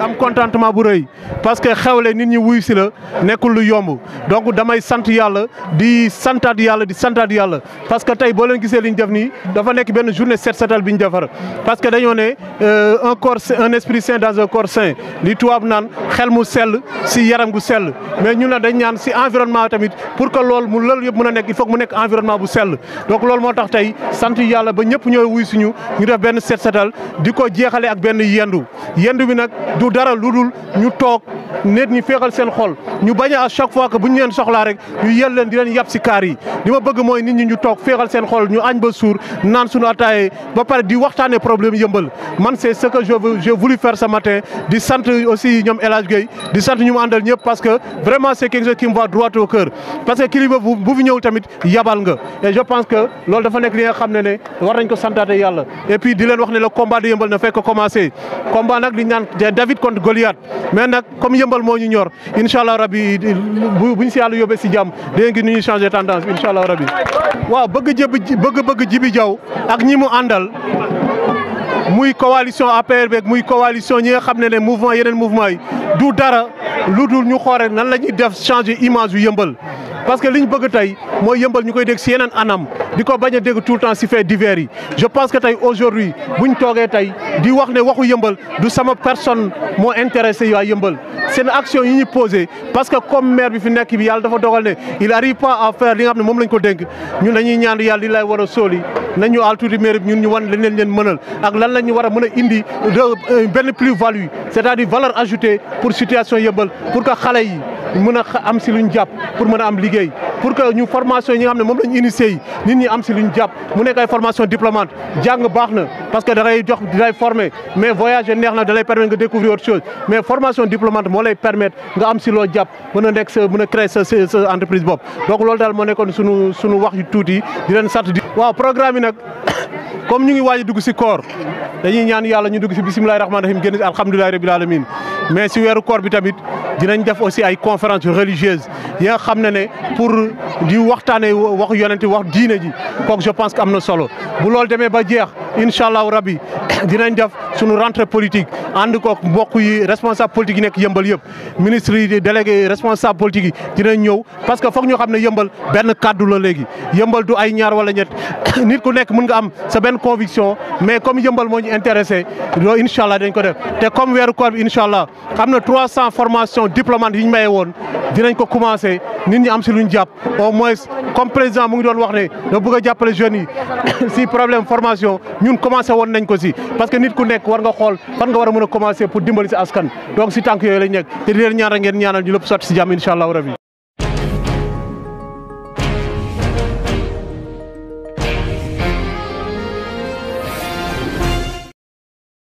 am contentement bu rëy parce que xewle nit ñi wuyu si la nekkul lu yomb donc damay sant yàlla di santaat yàlla di santaat yàlla parce que tey boo leen gisee li ñu def nii dafa nekk benn journée set setal bi ñu defar parce que dañoo ne euh, un corps un esprit sain dans un corps sain li tubaab naan xel mu sell si yaram gu sell mais ñu ne dañ ñaan si environnement tamit pour que lool mu loolu yëpp mën a nekk il faut mu nekk environnement bu sell donc loolu moo tax tey sant yàlla ba ñëpp ñooy wuy suñu ñu def benn set setal di ko jeexale ak benn yendu du lu dul ñu toog nit ñi féexal seen xol ñu bañ a à chaque fois que bu ñu leen soxlaa rek ñu yel leen di leen yàpp si kaar yi li ma bëgg mooy nit ñu toog féexal seen xol ñu añ ba suur naan suñu ataaye ba pare di waxtaanee problème yëmbal man c'est ce que je j'ai voulu faire ce matin di sant aussi ñoom El Hadj di sant ñu mu àndal ñëpp parce que vraiment c'est quelque chose qui me va droit au cœur parce que kilifa bu fi ñëw tamit yabal nga et je pense que loolu dafa nekk li nga xam ne ne war nañ ko santaate wax ne le combat de bi buñ si yàlla yobe si jàmm dégg nga ni changé tendance bi incha allah rabi waaw bëgg jëb bëgg bëgg jibi jaw ak ñi mu àndal muy coalition APR beeg muy coalition ñi nga xam ne ne mouvement yeneen mouvement yi du dara lu dul ñu xoore nan la ñuy def changer image yu yëmbal parce que li ñu bëgg tey mooy yëmbal ñu koy dégg si yeneen anam di ko bañ a dégg tout le temps si fait divers yi je pense que tey aujourd'hui buñ toogee tey di wax ne waxu yëmbal du sama personne moo intéressé yu waa yëmbal seen action yi ñu posé parce que comme maire bi fi nekk bi yàlla dafa dogal ne il arrive pas à faire li ne moom lañ ko dénk ñun dañuy ñaan yàlla li lay war a sóoli nañu àll tuuti mairie bi ñun ñu wan lañ leen leen mënal ak lan la ñu war a mën a indi euh, benn plus value c'est-à-dire valeur ajoutée pour situation yëmbal pour que xale yi mën a am si luñ jàpp pour mën a am liggéey pour que ñu formation yi nga xam ne moom lañu initié yi nit ñi am si jàpp mu nekk formation diplômante jàng baax na parce que da jox dalay former mais voyager neex na da lay permettre nga découvrir autre chose mais formation diplômante moo lay permettre nga am si loo jàpp mën a nekk sa mën a créer sa sa entreprise bopp donc loolu daal moo nekkoon sunu sunu wax yu tuuti di leen sant di waaw programme yi nag comme ñu ngi waaj a dugg si koor dañuy ñaan yàlla ñu dugg si bisimilahi rahmaani rahim génn si alhamdulilahi rabil alamin mais si weeru koor bi tamit dinañ def aussi ay conférences religieuses yi nga xam ne ne pour di waxtaanee wax yonent wax diine ji kooku je pense que am na solo bu loolu demee ba jeex incha allahu rabbi dinañ def suñu rentrée politique ànd koog mbokk yi responsable politique yi nekk yëmbal yëpp ministre yi délégué responsable politique yi dinañ ñëw parce que foog ñoo xam ne yëmbal benn kàddu la léegi yëmbal du ay ñaar wala ñett nit ku nekk mun nga am sa benn conviction mais comme yëmbal moo ñu intéressé loolu incha allah dañ ko def te comme weeru koor bi incha allah am na 300 formations diplômantes yi ñu maye woon dinañ ko commencé nit ñi am si luñ jàpp au moins comme président mu ngi doon wax ne da bëgg jàppale jeunes yi si problème formation ñun commencé woon nañ ko si parce que nit ku nekk war nga xool fan nga war a mën a commencé pour dimbali si askan donc si tànk yooyu lañ nekk te di leen ñaan ngeen ñaanal ñu lépp sotti si jàmm incha allahu rabi